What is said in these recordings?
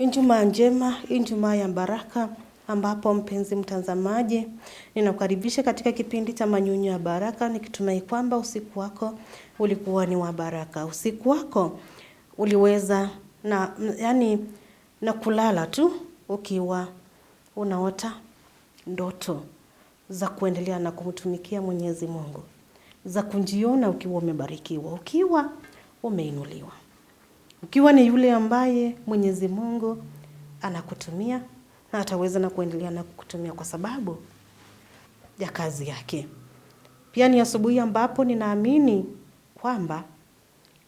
Ijumaa njema, Ijumaa ya baraka ambapo mpenzi mtazamaji, ninakukaribisha katika kipindi cha manyunyu ya baraka, nikitumai kwamba usiku wako ulikuwa ni wa baraka. Usiku wako uliweza na yani, na kulala tu ukiwa unaota ndoto za kuendelea na kumtumikia Mwenyezi Mungu, za kujiona ukiwa umebarikiwa, ukiwa umeinuliwa ukiwa ni yule ambaye Mwenyezi Mungu anakutumia na ataweza na kuendelea na kukutumia kwa sababu ya kazi yake. Pia ni asubuhi ambapo ninaamini kwamba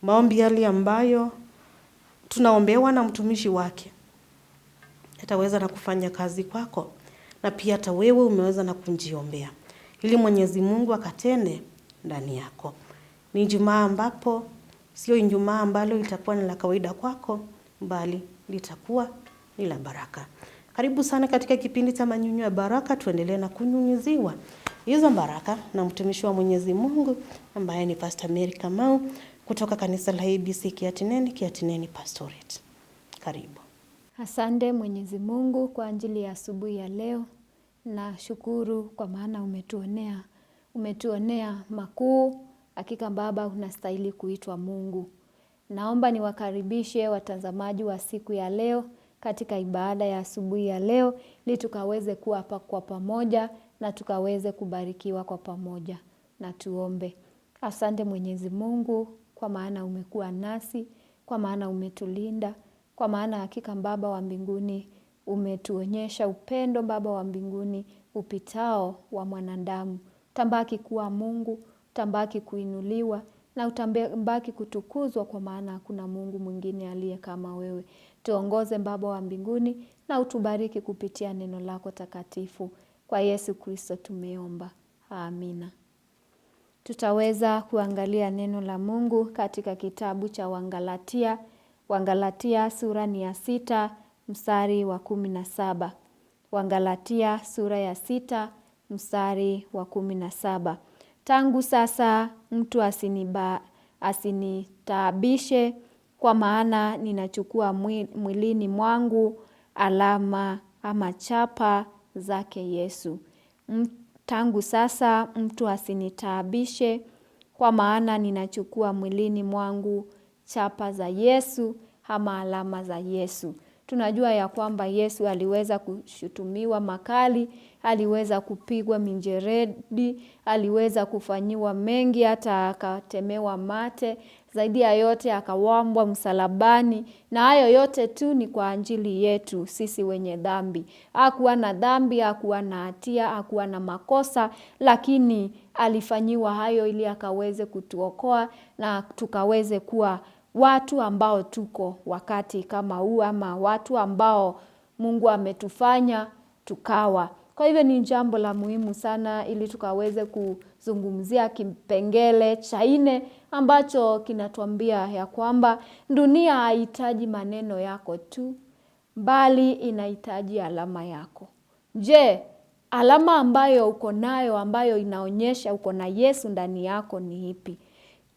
maombi yale ambayo tunaombewa na mtumishi wake ataweza na kufanya kazi kwako, na pia hata wewe umeweza na kujiombea ili Mwenyezi Mungu akatende ndani yako. Ni Ijumaa ambapo sio Ijumaa ambalo litakuwa ni la kawaida kwako, bali litakuwa ni la baraka. Karibu sana katika kipindi cha manyunyu ya baraka, tuendelee na kunyunyuziwa hizo baraka na mtumishi wa Mwenyezi Mungu ambaye ni Pastor Mary Kamau kutoka kanisa la ABC Kiatineni, Kiatineni Pastorate. Karibu. Asante Mwenyezi Mungu kwa ajili ya asubuhi ya leo, na shukuru kwa maana umetuonea umetuonea makuu Hakika Baba, unastahili kuitwa Mungu. Naomba niwakaribishe watazamaji wa siku ya leo katika ibada ya asubuhi ya leo, ili tukaweze kuwa hapa kwa pamoja na tukaweze kubarikiwa kwa pamoja. Na tuombe. Asante Mwenyezi Mungu, kwa maana umekuwa nasi, kwa maana umetulinda, kwa maana hakika Baba wa mbinguni umetuonyesha upendo Baba wa mbinguni upitao wa mwanadamu. Tambaki kuwa Mungu utambaki kuinuliwa na utambaki kutukuzwa kwa maana hakuna Mungu mwingine aliye kama wewe. Tuongoze Baba wa mbinguni na utubariki kupitia neno lako takatifu. Kwa Yesu Kristo tumeomba, amina. Tutaweza kuangalia neno la Mungu katika kitabu cha Wangalatia. Wangalatia sura ni ya sita mstari wa kumi na saba. Wangalatia sura ya sita mstari wa kumi na saba. Tangu sasa mtu asiniba asinitaabishe kwa maana ninachukua mwilini mwangu alama ama chapa zake Yesu. Tangu sasa mtu asinitaabishe kwa maana ninachukua mwilini mwangu chapa za Yesu ama alama za Yesu tunajua ya kwamba Yesu aliweza kushutumiwa makali, aliweza kupigwa minjeredi, aliweza kufanyiwa mengi, hata akatemewa mate. Zaidi ya yote akawambwa msalabani, na hayo yote tu ni kwa ajili yetu sisi wenye dhambi. Hakuwa na dhambi, hakuwa na hatia, hakuwa na makosa, lakini alifanyiwa hayo ili akaweze kutuokoa na tukaweze kuwa watu ambao tuko wakati kama huu ama watu ambao Mungu ametufanya tukawa. Kwa hivyo ni jambo la muhimu sana ili tukaweze kuzungumzia kipengele cha ine ambacho kinatuambia ya kwamba dunia haihitaji maneno yako tu bali inahitaji alama yako. Je, alama ambayo uko nayo ambayo inaonyesha uko na Yesu ndani yako ni ipi?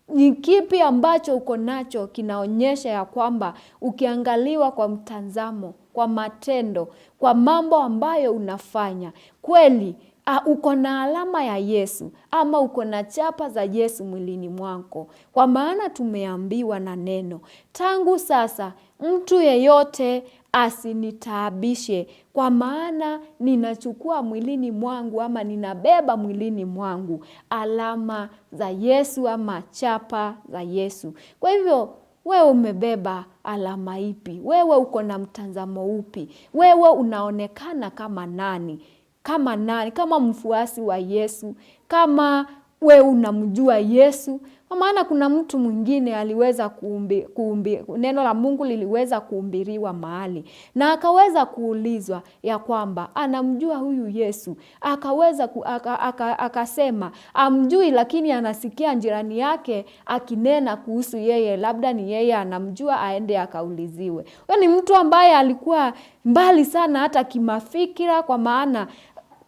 ni kipi ambacho uko nacho kinaonyesha ya kwamba ukiangaliwa kwa mtazamo, kwa matendo, kwa mambo ambayo unafanya kweli Uh, uko na alama ya Yesu ama uko na chapa za Yesu mwilini mwako, kwa maana tumeambiwa na neno tangu sasa mtu yeyote asinitaabishe, kwa maana ninachukua mwilini mwangu ama ninabeba mwilini mwangu alama za Yesu ama chapa za Yesu. Kwa hivyo wewe umebeba alama ipi? Wewe uko na mtazamo upi? Wewe unaonekana kama nani? Kama nani? Kama mfuasi wa Yesu? Kama wewe unamjua Yesu? Kwa maana kuna mtu mwingine aliweza kuumbi, kuumbi, neno la Mungu liliweza kuumbiriwa mahali na akaweza kuulizwa ya kwamba anamjua huyu Yesu, akaweza ku, aka, aka, akasema amjui, lakini anasikia jirani yake akinena kuhusu yeye, labda ni yeye anamjua, aende akauliziwe. Huyo ni mtu ambaye alikuwa mbali sana hata kimafikira, kwa maana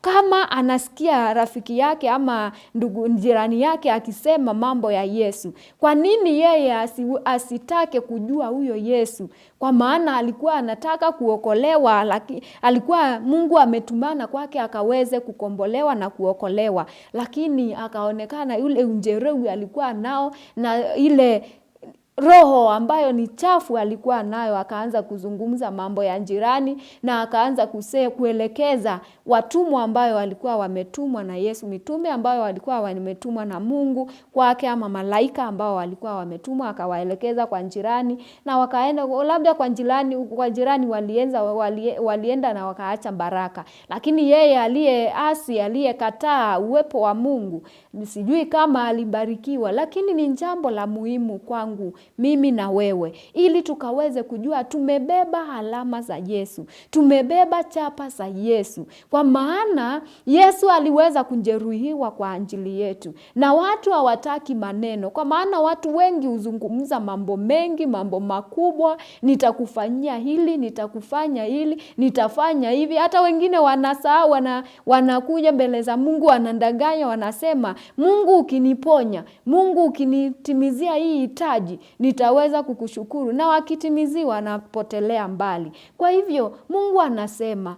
kama anasikia rafiki yake ama ndugu jirani yake akisema mambo ya Yesu, kwa nini yeye asitake kujua huyo Yesu? Kwa maana alikuwa anataka kuokolewa, lakini alikuwa Mungu ametumana kwake akaweze kukombolewa na kuokolewa, lakini akaonekana yule unjerewi alikuwa nao na ile roho ambayo ni chafu alikuwa nayo, akaanza kuzungumza mambo ya jirani na akaanza kuse, kuelekeza watumwa ambayo walikuwa wametumwa na Yesu, mitume ambayo walikuwa wametumwa na Mungu kwake, ama malaika ambao walikuwa wametumwa, akawaelekeza kwa jirani na wakaenda labda kwa jirani, kwa jirani walienza, walie, walienda na wakaacha baraka, lakini yeye aliye asi aliyekataa uwepo wa Mungu sijui kama alibarikiwa, lakini ni jambo la muhimu kwangu mimi na wewe, ili tukaweze kujua tumebeba alama za Yesu, tumebeba chapa za Yesu, kwa maana Yesu aliweza kujeruhiwa kwa ajili yetu. Na watu hawataki maneno, kwa maana watu wengi huzungumza mambo mengi, mambo makubwa, nitakufanyia hili, nitakufanya hili, nitafanya hivi. Hata wengine wanasahau, wana, wanakuja mbele za Mungu wanadanganya, wanasema Mungu ukiniponya, Mungu ukinitimizia hii hitaji nitaweza kukushukuru, na wakitimiziwa wanapotelea mbali. Kwa hivyo Mungu anasema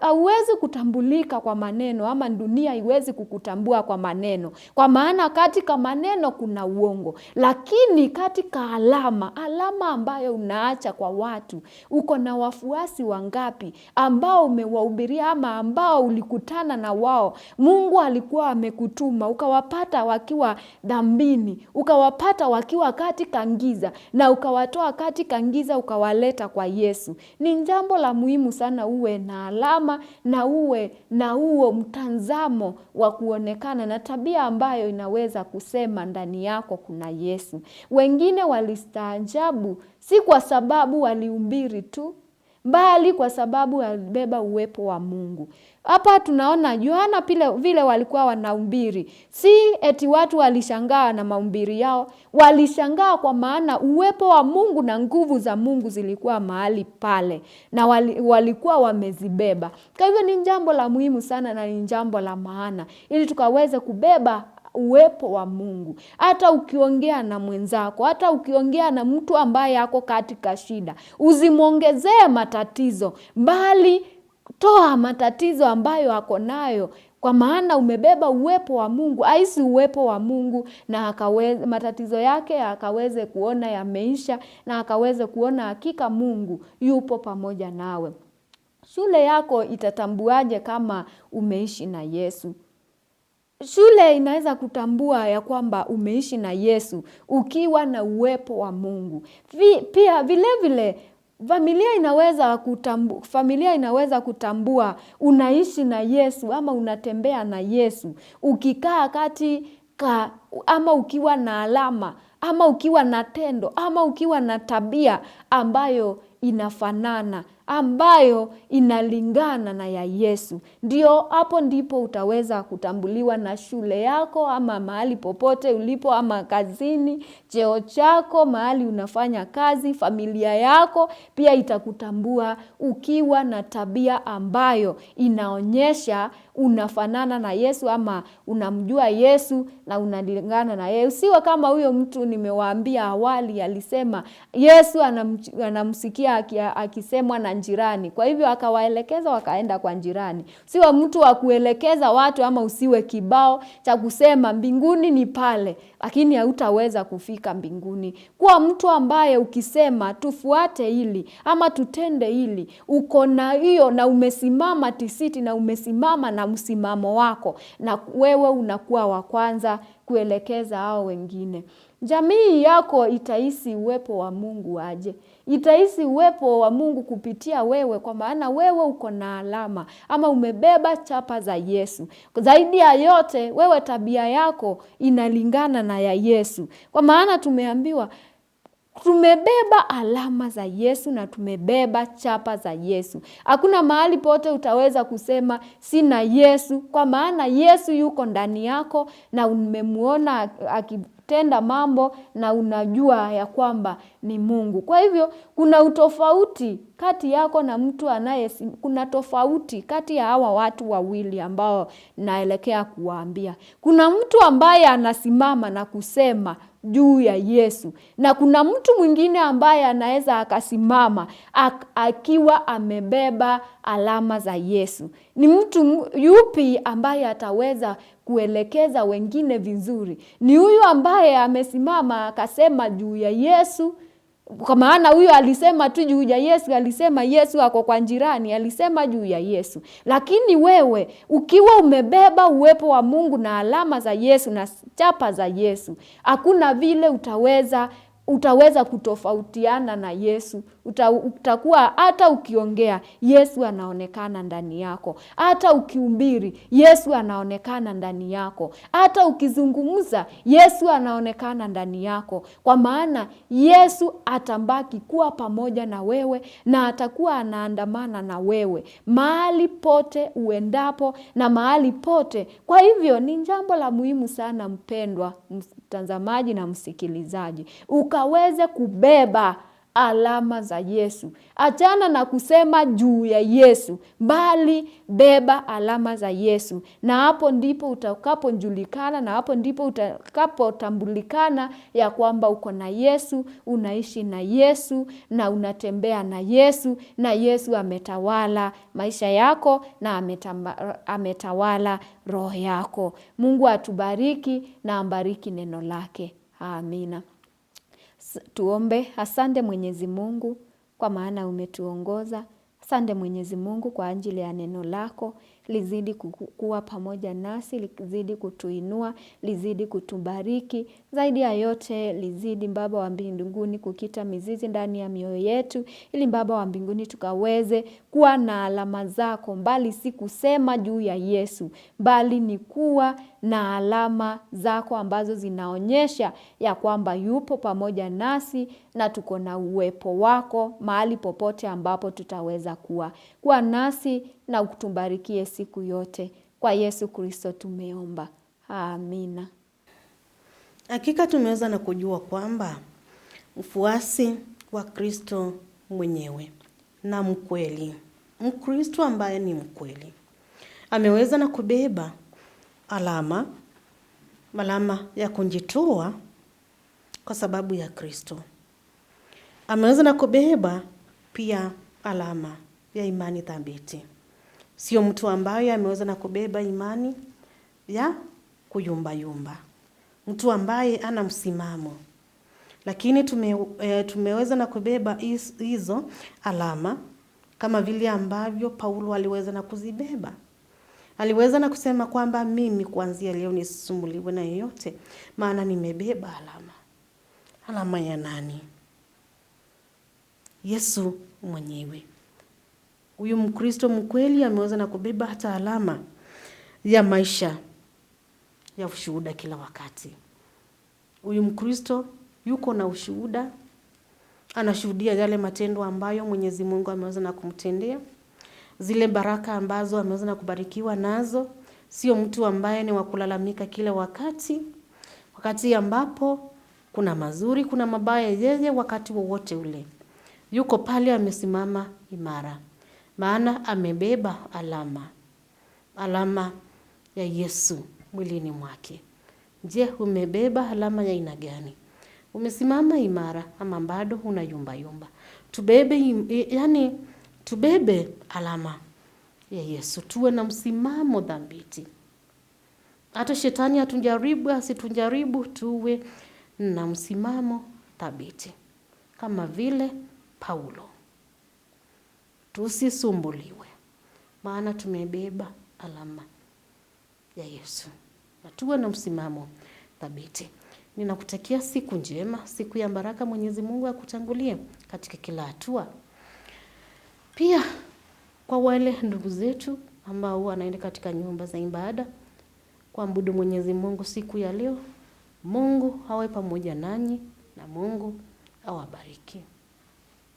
hauwezi kutambulika kwa maneno ama dunia haiwezi kukutambua kwa maneno, kwa maana katika maneno kuna uongo. Lakini katika alama, alama ambayo unaacha kwa watu, uko na wafuasi wangapi ambao umewahubiria ama ambao ulikutana na wao? Mungu alikuwa amekutuma ukawapata wakiwa dhambini, ukawapata wakiwa katika ngiza, na ukawatoa katika ngiza ukawaleta kwa Yesu. Ni jambo la muhimu sana uwe na alama na uwe na huo mtazamo wa kuonekana na tabia ambayo inaweza kusema ndani yako kuna Yesu. Wengine walistaajabu si kwa sababu walihubiri tu, bali kwa sababu alibeba uwepo wa Mungu. Hapa tunaona Yohana pile vile walikuwa wanaumbiri si eti watu walishangaa na maumbiri yao, walishangaa kwa maana uwepo wa Mungu na nguvu za Mungu zilikuwa mahali pale na wali, walikuwa wamezibeba. Kwa hivyo ni jambo la muhimu sana na ni jambo la maana, ili tukaweze kubeba uwepo wa Mungu. Hata ukiongea na mwenzako, hata ukiongea na mtu ambaye ako katika shida, usimwongezee matatizo, bali toa matatizo ambayo ako nayo kwa maana umebeba uwepo wa Mungu, aisi uwepo wa Mungu na akaweze, matatizo yake akaweze kuona yameisha, na akaweze kuona hakika Mungu yupo pamoja nawe. Shule yako itatambuaje kama umeishi na Yesu? Shule inaweza kutambua ya kwamba umeishi na Yesu ukiwa na uwepo wa Mungu. Pia vilevile familia inaweza kutambua, familia inaweza kutambua unaishi na Yesu ama unatembea na Yesu ukikaa ka ama ukiwa na alama ama ukiwa na tendo ama ukiwa na tabia ambayo inafanana ambayo inalingana na ya Yesu. Ndio hapo ndipo utaweza kutambuliwa na shule yako ama mahali popote ulipo, ama kazini, cheo chako, mahali unafanya kazi, familia yako pia itakutambua ukiwa na tabia ambayo inaonyesha unafanana na Yesu ama unamjua Yesu na unalingana na yeye. Usiwe kama huyo mtu nimewaambia awali, alisema Yesu anam, anamsikia akisemwa na jirani, kwa hivyo akawaelekeza wakaenda kwa jirani. Usiwe mtu wa kuelekeza watu ama usiwe kibao cha kusema mbinguni ni pale, lakini hautaweza kufika mbinguni. Kuwa mtu ambaye ukisema tufuate hili ama tutende hili, uko na hiyo na umesimama tisiti na umesimama na na msimamo wako, na wewe unakuwa wa kwanza kuelekeza hao wengine. Jamii yako itahisi uwepo wa Mungu aje, itahisi uwepo wa Mungu kupitia wewe, kwa maana wewe uko na alama ama umebeba chapa za Yesu. Zaidi ya yote, wewe tabia yako inalingana na ya Yesu, kwa maana tumeambiwa Tumebeba alama za Yesu na tumebeba chapa za Yesu. Hakuna mahali pote utaweza kusema sina Yesu, kwa maana Yesu yuko ndani yako na umemwona akitenda mambo na unajua ya kwamba ni Mungu. Kwa hivyo kuna utofauti kati yako na mtu anaye, kuna tofauti kati ya hawa watu wawili ambao naelekea kuwaambia. Kuna mtu ambaye anasimama na kusema juu ya Yesu, na kuna mtu mwingine ambaye anaweza akasimama ak akiwa amebeba alama za Yesu. Ni mtu yupi ambaye ataweza kuelekeza wengine vizuri? Ni huyu ambaye amesimama akasema juu ya Yesu kwa maana huyo alisema tu juu ya Yesu, alisema Yesu ako kwa jirani, alisema juu ya Yesu. Lakini wewe ukiwa umebeba uwepo wa Mungu na alama za Yesu na chapa za Yesu, hakuna vile utaweza utaweza kutofautiana na Yesu. Uta, utakuwa hata ukiongea Yesu anaonekana ndani yako, hata ukihubiri Yesu anaonekana ndani yako, hata ukizungumza Yesu anaonekana ndani yako, kwa maana Yesu atabaki kuwa pamoja na wewe na atakuwa anaandamana na wewe mahali pote uendapo na mahali pote. Kwa hivyo ni jambo la muhimu sana, mpendwa mtazamaji na msikilizaji uka aweze kubeba alama za Yesu. Achana na kusema juu ya Yesu, bali beba alama za Yesu, na hapo ndipo utakapojulikana, na hapo ndipo utakapotambulikana ya kwamba uko na Yesu, unaishi na Yesu, na unatembea na Yesu, na Yesu ametawala maisha yako na ametamba, ametawala roho yako. Mungu atubariki na ambariki neno lake. Amina. Tuombe. Asante Mwenyezi Mungu kwa maana umetuongoza. Asante Mwenyezi Mungu kwa ajili ya neno lako lizidi kuwa pamoja nasi, lizidi kutuinua, lizidi kutubariki. Zaidi ya yote, lizidi Baba wa mbinguni kukita mizizi ndani ya mioyo yetu, ili Baba wa mbinguni tukaweze kuwa na alama zako, mbali si kusema juu ya Yesu, bali ni kuwa na alama zako ambazo zinaonyesha ya kwamba yupo pamoja nasi na tuko na uwepo wako mahali popote ambapo tutaweza kuwa. Kuwa nasi na ukutubarikie siku yote, kwa Yesu Kristo tumeomba, amina. Hakika tumeweza na kujua kwamba mfuasi wa Kristo mwenyewe na mkweli, Mkristo ambaye ni mkweli ameweza na kubeba alama alama ya kujitoa kwa sababu ya Kristo. Ameweza na kubeba pia alama ya imani thabiti sio mtu ambaye ameweza na kubeba imani ya kuyumbayumba, mtu ambaye ana msimamo lakini tume, e, tumeweza na kubeba hizo alama kama vile ambavyo Paulo aliweza na kuzibeba. Aliweza na kusema kwamba mimi kuanzia leo nisisumbuliwe na yeyote, maana nimebeba alama. Alama ya nani? Yesu mwenyewe. Huyu Mkristo mkweli ameweza na kubeba hata alama ya maisha ya ushuhuda kila wakati. Huyu Mkristo yuko na ushuhuda, anashuhudia yale matendo ambayo Mwenyezi Mungu ameweza na kumtendea, zile baraka ambazo ameweza na kubarikiwa nazo. Sio mtu ambaye ni wakulalamika kila wakati, wakati ambapo kuna mazuri, kuna mabaya, yeye wakati wowote ule yuko pale, amesimama imara maana amebeba alama, alama ya Yesu mwilini mwake. Je, umebeba alama ya aina gani? Umesimama imara ama bado yumba? Tubebe, yani tubebe alama ya Yesu, tuwe na msimamo dhabiti. Hata shetani atujaribu asitujaribu, tuwe na msimamo thabiti kama vile Paulo tusisumbuliwe, maana tumebeba alama ya Yesu, na tuwe na msimamo thabiti. Ninakutakia siku njema, siku ya baraka. Mwenyezi Mungu akutangulie katika kila hatua. Pia kwa wale ndugu zetu ambao wanaenda katika nyumba za ibada kuabudu Mwenyezi Mungu siku ya leo, Mungu awe pamoja nanyi na Mungu awabariki.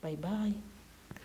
Bye bye.